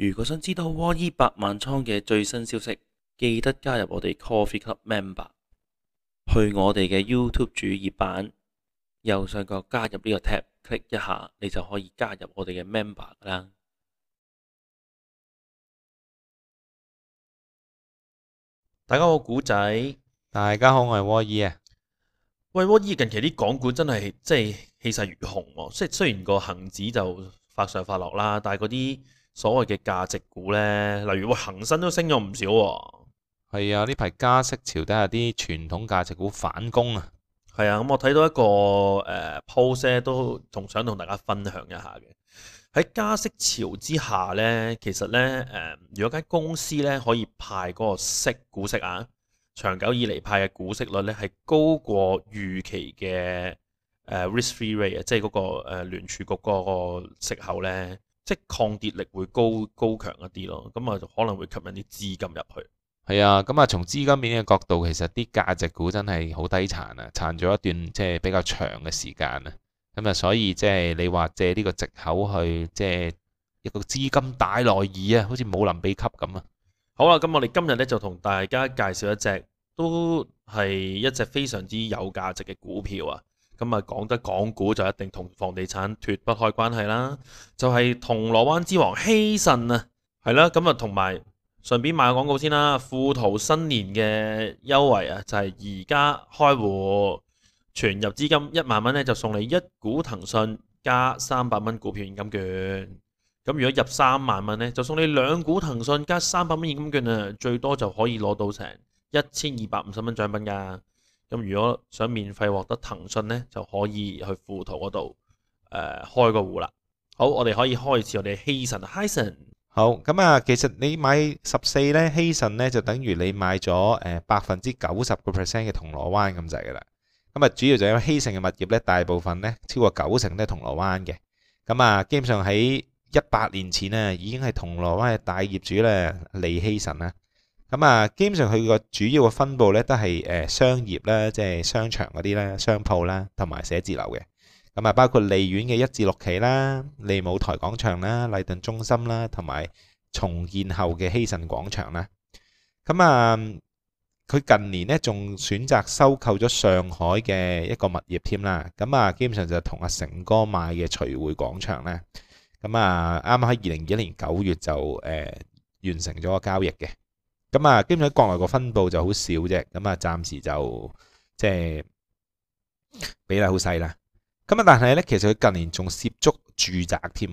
如果想知道窩伊百萬倉嘅最新消息，記得加入我哋 Coffee Club Member。去我哋嘅 YouTube 主頁版右上角加入呢個 tap，click 一下，你就可以加入我哋嘅 Member 啦。大家好，古仔，大家好，我係窩伊啊。喂，窩伊近期啲港股真係即係氣勢如虹喎。即係雖然個恆指就發上發落啦，但係嗰啲。所謂嘅價值股咧，例如話，恒生都升咗唔少喎。係啊，呢排、啊、加息潮底下啲傳統價值股反攻啊。係啊，咁、嗯、我睇到一個誒 post、呃、都，同想同大家分享一下嘅。喺加息潮之下咧，其實咧誒、呃，如果間公司咧可以派嗰個息股息啊，長久以嚟派嘅股息率咧係高過預期嘅誒、呃、risk free rate 啊、那個，即係嗰個誒聯儲局嗰個息口咧。即抗跌力會高高強一啲咯，咁啊就可能會吸引啲資金入去。係啊，咁啊從資金面嘅角度，其實啲價值股真係好低殘啊，殘咗一段即係比較長嘅時間啊，咁啊所以即係你話借呢個藉口去即係一個資金大挪移啊，好似武林秘笈咁啊。好啦，咁我哋今日呢，就同大家介紹一隻都係一隻非常之有價值嘅股票啊。咁啊，講得港股就一定同房地產脱不開關係啦，就係銅鑼灣之王希慎啊，係啦，咁啊同埋順便賣個廣告先啦，富途新年嘅優惠啊，就係而家開戶存入資金一萬蚊咧，就送你一股騰訊加三百蚊股票現金券，咁如果入三萬蚊咧，就送你兩股騰訊加三百蚊現金券啊，最多就可以攞到成一千二百五十蚊獎品㗎。咁如果想免費獲得騰訊呢，就可以去富途嗰度誒開個戶啦。好，我哋可以開始我哋希慎，希慎。好，咁啊，其實你買十四呢，希慎呢就等於你買咗誒百分之九十個 percent 嘅銅鑼灣咁滯噶啦。咁啊，主要就因為希慎嘅物業呢，大部分呢超過九成都係銅鑼灣嘅。咁啊，基本上喺一百年前呢，已經係銅鑼灣嘅大業主咧，利希慎啊。咁啊，基本上佢個主要嘅分佈咧，都係誒商業咧，即係商場嗰啲咧、商鋪啦，同埋寫字樓嘅。咁啊，包括利園嘅一至六期啦、利舞台廣場啦、禮頓中心啦，同埋重建後嘅希慎廣場啦。咁啊，佢近年咧仲選擇收購咗上海嘅一個物業添啦。咁啊，基本上就同阿成哥買嘅徐匯廣場咧。咁啊，啱啱喺二零二一年九月就誒完成咗個交易嘅。咁啊，基本上國內個分佈就好少啫，咁啊，暫時就即係比例好細啦。咁啊，但係咧，其實佢近年仲涉足住宅添，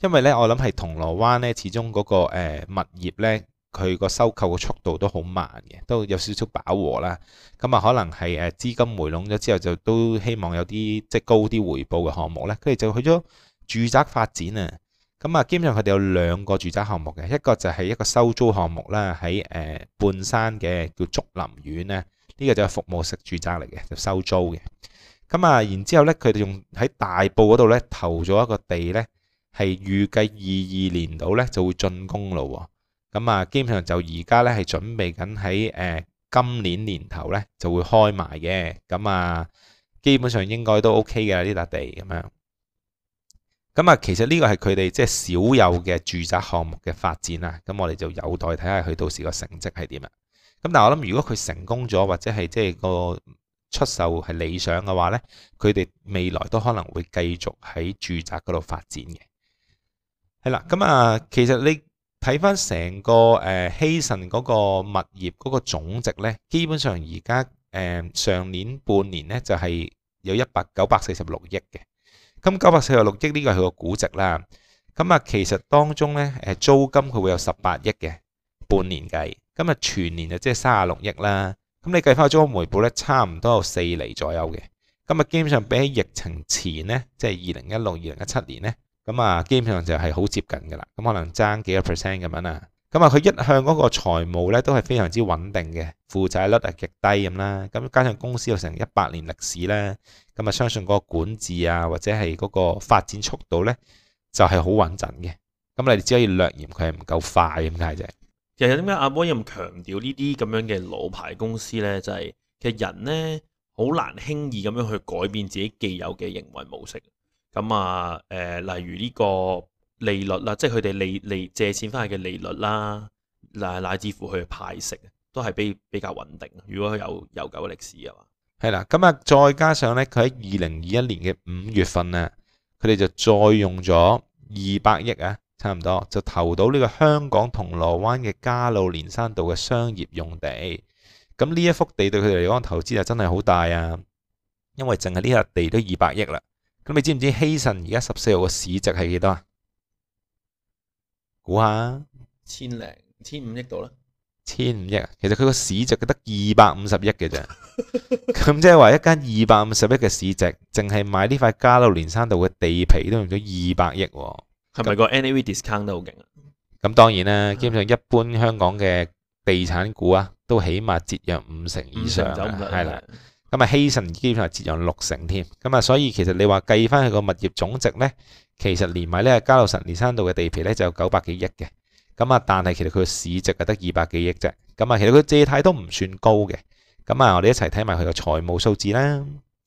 因為咧，我諗係銅鑼灣咧，始終嗰個物業咧，佢個收購嘅速度都好慢嘅，都有少少飽和啦。咁啊，可能係誒資金回籠咗之後，就都希望有啲即係高啲回報嘅項目咧，佢哋就去咗住宅發展啊。咁啊，基本上佢哋有兩個住宅項目嘅，一個就係一個收租項目啦，喺誒半山嘅叫竹林苑咧，呢、這個就係服務式住宅嚟嘅，就收租嘅。咁啊，然之後咧，佢哋用喺大埔嗰度咧投咗一個地咧，係預計二二年度咧就會竣工咯。咁啊，基本上就而家咧係準備緊喺誒今年年頭咧就會開埋嘅。咁啊，基本上應該都 OK 嘅呢笪地咁樣。咁啊，其實呢個係佢哋即係少有嘅住宅項目嘅發展啦。咁我哋就有待睇下佢到時個成績係點啊。咁但係我諗，如果佢成功咗，或者係即係個出售係理想嘅話咧，佢哋未來都可能會繼續喺住宅嗰度發展嘅。係啦，咁啊，其實你睇翻成個誒希慎嗰個物業嗰個總值咧，基本上而家誒上年半年咧就係有一百九百四十六億嘅。咁九百四十六億呢個係佢個估值啦。咁啊，其實當中咧，誒租金佢會有十八億嘅半年計。咁啊全年就即係三十六億啦，咁你計翻個租金回報咧差唔多有四厘左右嘅。咁啊基本上比起疫情前咧即係二零一六二零一七年咧，咁啊基本上就係好接近噶啦。咁可能爭幾個 percent 咁樣啊。咁啊，佢一向嗰個財務咧都係非常之穩定嘅，負債率係極低咁啦。咁加上公司有成一百年歷史咧，咁啊相信個管治啊或者係嗰個發展速度咧就係好穩陣嘅。咁你哋只可以略嫌佢係唔夠快咁解啫。其實點解阿波咁強調呢啲咁樣嘅老牌公司咧，就係其實人咧好難輕易咁樣去改變自己既有嘅營運模式。咁啊，誒、呃、例如呢、呢個利率啦，即係佢哋利利借錢翻去嘅利率啦，乃乃至乎佢嘅派息都係比比較穩定。如果佢有悠久嘅歷史啊嘛，係啦。咁ス啊ー， 再加上咧，佢喺二零二一年嘅五月份啊，佢哋就再用咗二百億啊，差唔多就投到呢個香港銅鑼灣嘅加路連山道嘅商業用地。咁呢一幅地對佢哋嚟講投資就真係好大啊，因為淨係呢幅地都二百億啦。咁你知唔知希慎而家十四號嘅市值係幾多啊？估下，千零千五億到啦，千五億啊！其實佢個市值佢得二百五十億嘅啫，咁即係話一間二百五十億嘅市值，淨係買呢塊加路連山道嘅地皮都用咗二百億，係咪個 NAV discount 都好勁啊？咁當然啦，基本上一般香港嘅地產股啊，都起碼折讓五成以上嘅，係啦。咁啊，希慎基本上折讓六成添。咁啊，所以其實你話計翻佢個物業總值咧。其實連埋咧加路連山道嘅地皮咧就有九百幾億嘅，咁啊，但係其實佢個市值係得二百幾億啫，咁啊，其實佢借貸都唔算高嘅，咁啊，我哋一齊睇埋佢嘅財務數字啦。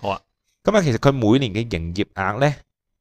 好啊，咁啊，其實佢每年嘅營業額咧，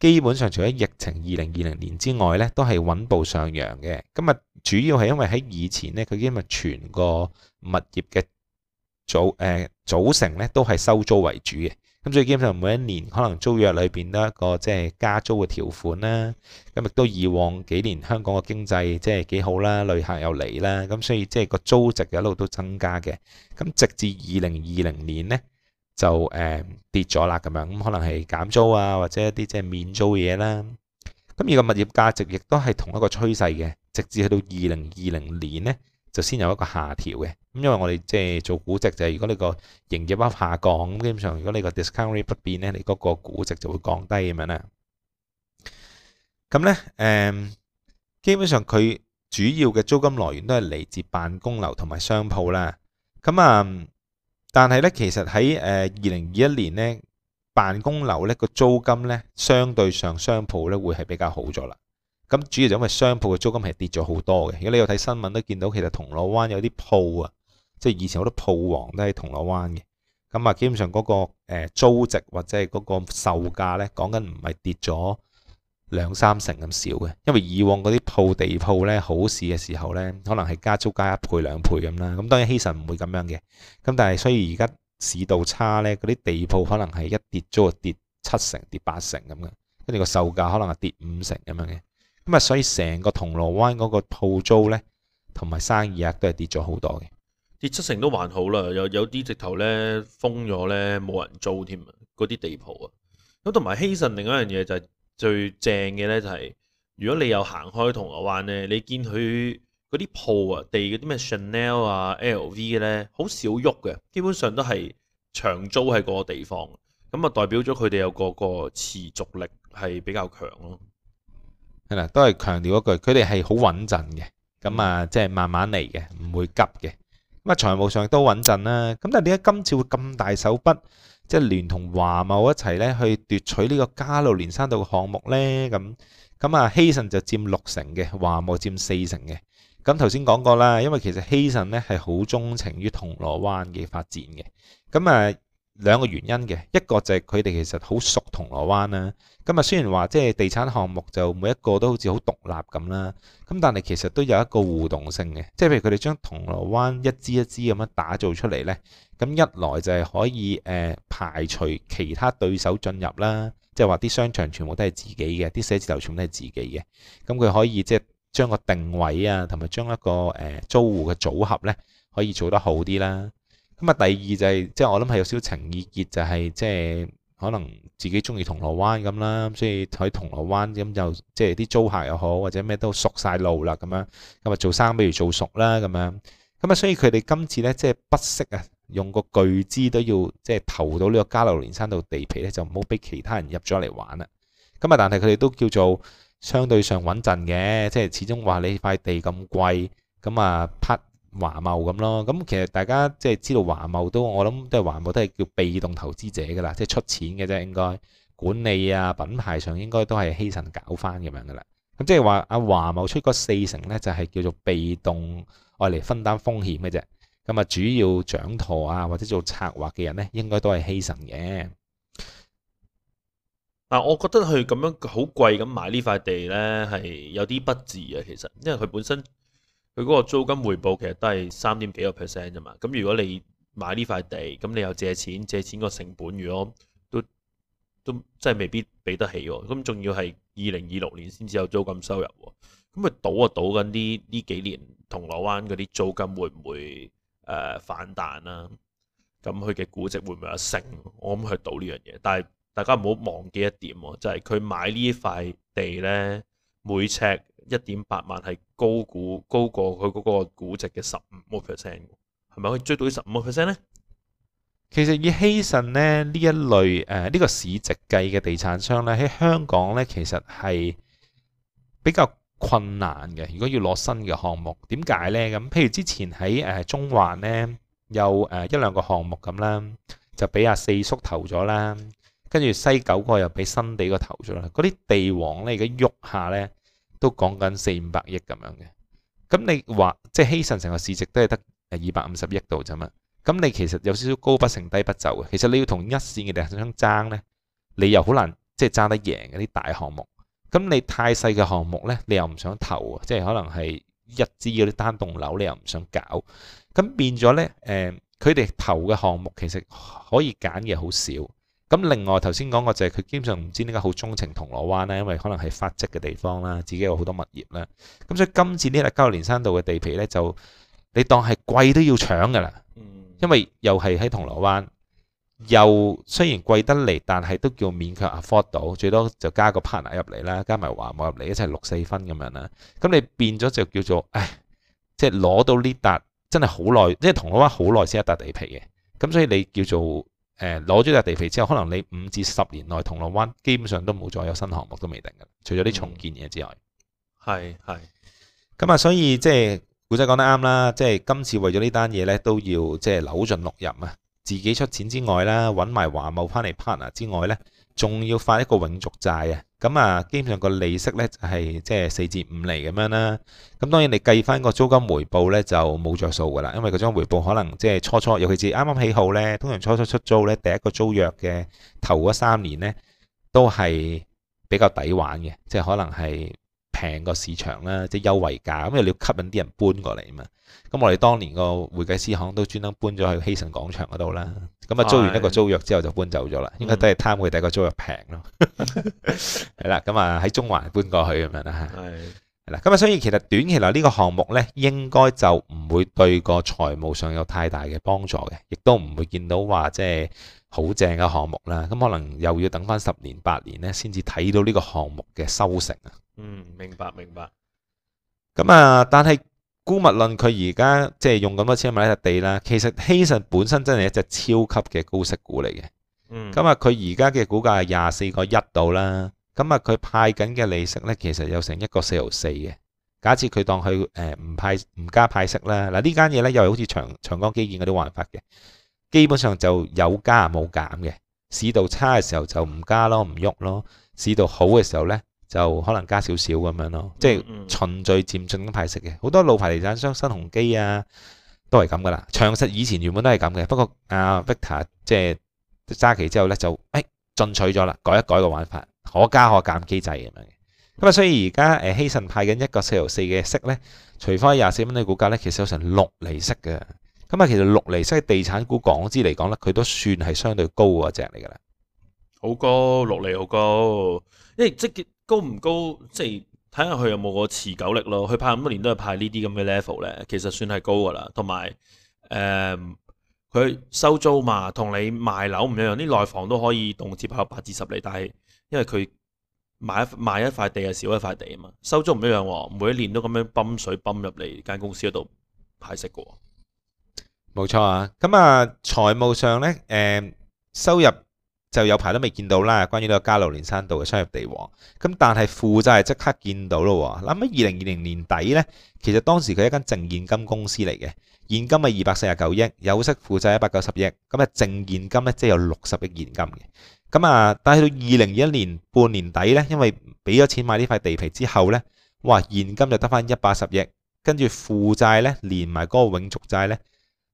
基本上除咗疫情二零二零年之外咧，都係穩步上揚嘅。咁啊，主要係因為喺以前咧，佢因為全個物業嘅組誒、呃、組成咧，都係收租為主嘅。咁最基本上每一年可能租約裏邊都一個即係加租嘅條款啦，咁亦都以往幾年香港嘅經濟即係幾好啦，旅客又嚟啦，咁所以即係個租值一路都增加嘅，咁直至二零二零年咧就誒跌咗啦咁樣，咁可能係減租啊或者一啲即係免租嘅嘢啦，咁而個物業價值亦都係同一個趨勢嘅，直至去到二零二零年咧，就先有一個下調嘅，咁因為我哋即係做估值就係，如果你個營業額下降，咁基本上如果你個 discount rate 不變咧，你嗰個估值就會降低咁樣啦。咁咧誒，基本上佢主要嘅租金來源都係嚟自辦公樓同埋商鋪啦。咁啊，但係咧其實喺誒二零二一年咧，辦公樓咧個租金咧相對上商鋪咧會係比較好咗啦。咁主要就因為商鋪嘅租金係跌咗好多嘅。如果你有睇新聞都見到，其實銅鑼灣有啲鋪啊，即係以前好多鋪王都喺銅鑼灣嘅。咁啊，基本上嗰個租值或者係嗰個售價咧，講緊唔係跌咗兩三成咁少嘅。因為以往嗰啲鋪地鋪咧好市嘅時候咧，可能係加租加一倍兩倍咁啦。咁當然希慎唔會咁樣嘅。咁但係所以而家市道差咧，嗰啲地鋪可能係一跌租就跌七成跌八成咁嘅，跟住個售價可能係跌五成咁樣嘅。咁啊，所以成個銅鑼灣嗰個鋪租咧，同埋生意啊，都係跌咗好多嘅。跌七成都還好啦，有有啲直頭咧封咗咧，冇人租添啊，嗰啲地鋪啊。咁同埋希慎，另一樣嘢就係最正嘅咧、就是，就係如果你有行開銅鑼灣咧，你見佢嗰啲鋪啊，地嗰啲咩 Chanel 啊、LV 嘅咧，好少喐嘅，基本上都係長租喺個地方。咁啊，代表咗佢哋有個個持續力係比較強咯。嗱，都係強調一句，佢哋係好穩陣嘅，咁啊，即係慢慢嚟嘅，唔會急嘅。咁啊，財務上都穩陣啦。咁但係點解今次會咁大手筆，即係連同華茂一齊咧去奪取呢個加路連山道嘅項目咧？咁咁啊，希慎就佔六成嘅，華茂佔四成嘅。咁頭先講過啦，因為其實希慎咧係好鍾情於銅鑼灣嘅發展嘅，咁啊。兩個原因嘅，一個就係佢哋其實好熟銅鑼灣啦。咁啊，雖然話即係地產項目就每一個都好似好獨立咁啦，咁但係其實都有一個互動性嘅。即係譬如佢哋將銅鑼灣一支一支咁樣打造出嚟呢。咁一來就係可以誒排除其他對手進入啦。即係話啲商場全部都係自己嘅，啲寫字樓全部都係自己嘅。咁佢可以即係將個定位啊，同埋將一個誒租戶嘅組合呢，可以做得好啲啦。咁啊，第二就係即係我諗係有少情意結，就係即係可能自己中意銅鑼灣咁啦，所以喺銅鑼灣咁就即係啲租客又好或者咩都熟晒路啦咁樣。咁啊，做生意不如做熟啦咁樣。咁啊，所以佢哋今次咧即係不惜啊，用個巨資都要即係投到呢個加路連山道地皮咧，就唔好俾其他人入咗嚟玩啦。咁啊，但係佢哋都叫做相對上穩陣嘅，即係始終話你塊地咁貴，咁啊華茂咁咯，咁其實大家即係知道華茂都，我諗都係華茂都係叫被動投資者噶啦，即係出錢嘅啫，應該管理啊品牌，上應該都係希慎搞翻咁樣噶啦。咁即係話阿華茂出個四成咧，就係叫做被動愛嚟，分擔風險嘅啫。咁啊，主要掌舵啊或者做策劃嘅人咧，應該都係希慎嘅。嗱、啊，我覺得佢咁樣好貴咁買塊呢塊地咧，係有啲不智啊。其實因為佢本身。佢嗰個租金回報其實都係三點幾個 percent 啫嘛，咁如果你買呢塊地，咁你又借錢，借錢個成本如果都都真係未必俾得起喎，咁仲要係二零二六年先至有租金收入，咁咪賭就賭緊呢呢幾年銅鑼灣嗰啲租金會唔會誒、呃、反彈啦？咁佢嘅估值會唔會有升？我諗去賭呢樣嘢，但係大家唔好忘記一點，就係、是、佢買塊呢一塊地咧。每尺一點八萬係高估，高過佢嗰個估值嘅十五個 percent，係咪可以追到呢十五個 percent 咧？其實以希慎咧，呢一類誒呢個市值計嘅地產商咧，喺香港咧，其實係比較困難嘅。如果要攞新嘅項目，點解咧？咁譬如之前喺誒中環咧，有誒一兩個項目咁啦，就俾阿四叔投咗啦。跟住西九嗰個又俾新地個投咗啦，嗰啲地王咧而家喐下咧都講緊四五百億咁樣嘅，咁你話即係希慎成個市值都係得誒二百五十億度咋嘛？咁你其實有少少高不成低不就嘅，其實你要同一線嘅地產商爭咧，你又好難即係、就是、爭得贏嗰啲大項目。咁你太細嘅項目咧，你又唔想投啊，即係可能係一支嗰啲單棟樓，你又唔想搞。咁變咗咧，誒佢哋投嘅項目其實可以揀嘅好少。咁另外頭先講過就係佢基本上唔知點解好鍾情銅鑼灣咧，因為可能係發跡嘅地方啦，自己有好多物業啦。咁、嗯、所以今次呢笪加路連山道嘅地皮咧，就你當係貴都要搶噶啦，因為又係喺銅鑼灣，又雖然貴得嚟，但係都叫勉強 afford 到，最多就加個 partner 入嚟啦，加埋華物入嚟一齊六四分咁樣啦。咁、嗯、你變咗就叫做，唉，即係攞到呢笪真係好耐，即係銅鑼灣好耐先一笪地皮嘅。咁、嗯、所以你叫做。誒，攞咗塊地皮之後，可能你五至十年內，銅鑼灣基本上都冇再有新項目都未定嘅，除咗啲重建嘢之外，係係、嗯，咁啊、嗯，所以即係古仔講得啱啦，即、就、係、是、今次為咗呢單嘢咧，都要即係、就是、扭盡六壬啊，自己出錢之外啦，搵埋華懋翻嚟 partner 之外咧，仲要發一個永續債啊。咁啊，基本上個利息咧就係即係四至五釐咁樣啦。咁當然你計翻個租金回報咧就冇著數噶啦，因為個租金回報可能即係初初，尤其是啱啱起好咧，通常初初出租咧，第一個租約嘅頭嗰三年咧都係比較抵玩嘅，即係可能係平個市場啦，即係優惠價。咁因為你要吸引啲人搬過嚟嘛。咁我哋當年個會計師行都專登搬咗去希慎廣場嗰度啦。咁啊租完一個租約之後就搬走咗啦，的應該都係貪佢第一個租約平咯，係啦、嗯。咁啊喺中環搬過去咁樣啦吓。係的。嗱的，咁啊，所以其實短期內呢個項目咧，應該就唔會對個財務上有太大嘅幫助嘅，亦都唔會見到話即係好正嘅項目啦。咁可能又要等翻十年八年咧，先至睇到呢個項目嘅收成啊。嗯，明白明白。咁啊，但係。姑勿論佢而家即係用咁多錢買一笪地啦，其實希慎本身真係一隻超級嘅高息股嚟嘅。咁啊、嗯，佢而家嘅股價係廿四個一度啦。咁啊，佢派緊嘅利息咧，其實有成一個四毫四嘅。假設佢當佢誒唔派唔加派息啦，嗱、啊、呢間嘢咧又係好似長長江基建嗰啲玩法嘅，基本上就有加冇減嘅。市道差嘅時候就唔加咯，唔喐咯。市道好嘅時候咧，就可能加少少咁樣咯，即係循序漸進咁派息嘅。好多老牌地產商新鴻基啊，都係咁噶啦。長實以前原本都係咁嘅，不過阿、啊、Victor 即、就、係、是、揸旗之後咧，就誒進、哎、取咗啦，改一改一個玩法，可加可減機制咁樣嘅。咁啊，所以而家誒希慎派緊一個四由四嘅息咧，除翻廿四蚊嘅股價咧，其實有成六厘息嘅。咁啊，其實六厘息喺地產股港資嚟講咧，佢都算係相對高嗰隻嚟噶啦。好高，六厘好高，因、欸、為即高唔高？即係睇下佢有冇個持久力咯。佢派咁多年都係派呢啲咁嘅 level 咧，其實算係高噶啦。同埋誒，佢、嗯、收租嘛，同你賣樓唔一樣。啲內房都可以動接下八至十厘，但係因為佢賣，賣一賣一塊地係少一塊地啊嘛。收租唔一樣、啊，每一年都咁樣泵水泵入嚟間公司嗰度派息嘅。冇錯啊。咁啊，財務上咧，誒、嗯，收入。就有排都未見到啦，關於呢個加路連山道嘅商業地王。咁但係負債係即刻見到咯。諗喺二零二零年底咧，其實當時佢係一間淨現金公司嚟嘅，現金咪二百四十九億，有息負債一百九十億，咁啊淨現金咧即係有六十億現金嘅。咁啊，但係到二零二一年半年底咧，因為俾咗錢買呢塊地皮之後咧，哇現金就得翻一百十億，跟住負債咧連埋嗰個永續債咧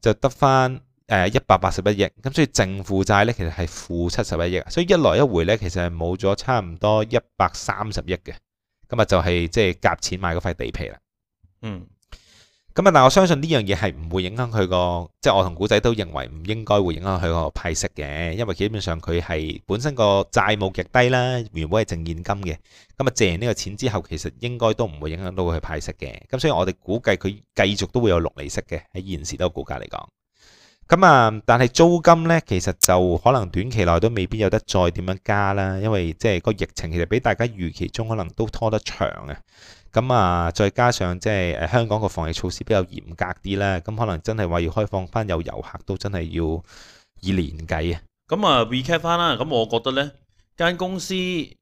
就得翻，誒，一百八十一億，咁所以淨負債咧，其實係負七十一億，所以一來一回咧，其實係冇咗差唔多一百三十億嘅，咁啊就係即係夾錢買嗰塊地皮啦。嗯，咁啊，但係我相信呢樣嘢係唔會影響佢個，即係我同古仔都認為唔應該會影響佢個派息嘅，因為基本上佢係本身個債務極低啦，原本係淨現金嘅，咁啊借完呢個錢之後，其實應該都唔會影響到佢派息嘅，咁所以我哋估計佢繼續都會有六厘息嘅，喺現時呢個股價嚟講。咁啊、嗯，但係租金呢，其實就可能短期內都未必有得再點樣加啦，因為即係個疫情其實比大家預期中可能都拖得長啊。咁、嗯、啊，再加上即係誒香港個防疫措施比較嚴格啲咧，咁、嗯、可能真係話要開放翻有遊客都真係要以年計啊。咁、嗯、啊，recap 翻啦，咁、嗯、我覺得呢間公司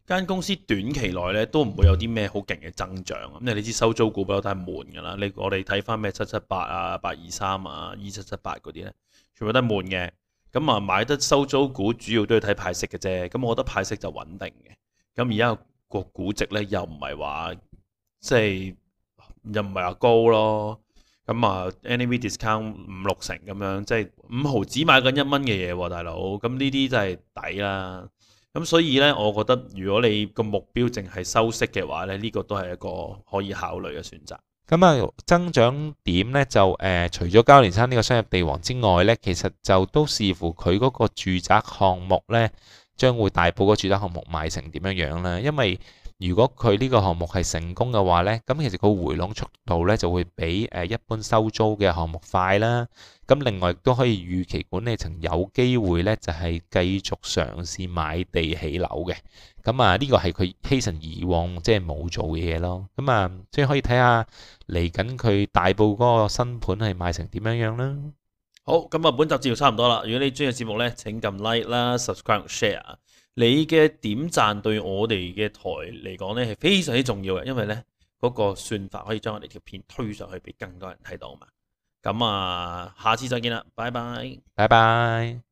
間公司短期內呢都唔會有啲咩好勁嘅增長啊。你知收租股比較太悶㗎啦。你我哋睇翻咩七七八啊、八二三啊、二七七八嗰啲呢。全部都係悶嘅，咁啊買得收租股主要都係睇派息嘅啫，咁我覺得派息就穩定嘅。咁而家個估值咧又唔係話即係又唔係話高咯，咁啊 NAV discount 五六成咁樣，即係五毫子買緊一蚊嘅嘢喎，大佬。咁呢啲真係抵啦。咁所以咧，我覺得如果你個目標淨係收息嘅話咧，呢、呢個都係一個可以考慮嘅選擇。咁啊，增長點咧就誒、呃，除咗交連山呢個商業地王之外咧，其實就都視乎佢嗰個住宅項目咧，將會大埔嗰住宅項目賣成點樣樣咧，因為。如果佢呢個項目係成功嘅話呢，咁其實個回籠速度呢就會比誒一般收租嘅項目快啦。咁另外都可以預期管理層有機會呢就係繼續嘗試買地起樓嘅。咁啊呢個係佢欺神以往即係冇做嘅嘢咯。咁啊即係可以睇下嚟緊佢大埔嗰個新盤係賣成點樣樣啦。好，咁啊本集節目差唔多啦。如果你中意嘅節目呢，請撳 like 啦，subscribe share。你嘅點贊對我哋嘅台嚟講呢係非常重要嘅，因為呢嗰個算法可以將我哋條片推上去俾更多人睇到嘛。咁啊，下次再見啦，拜拜，拜拜。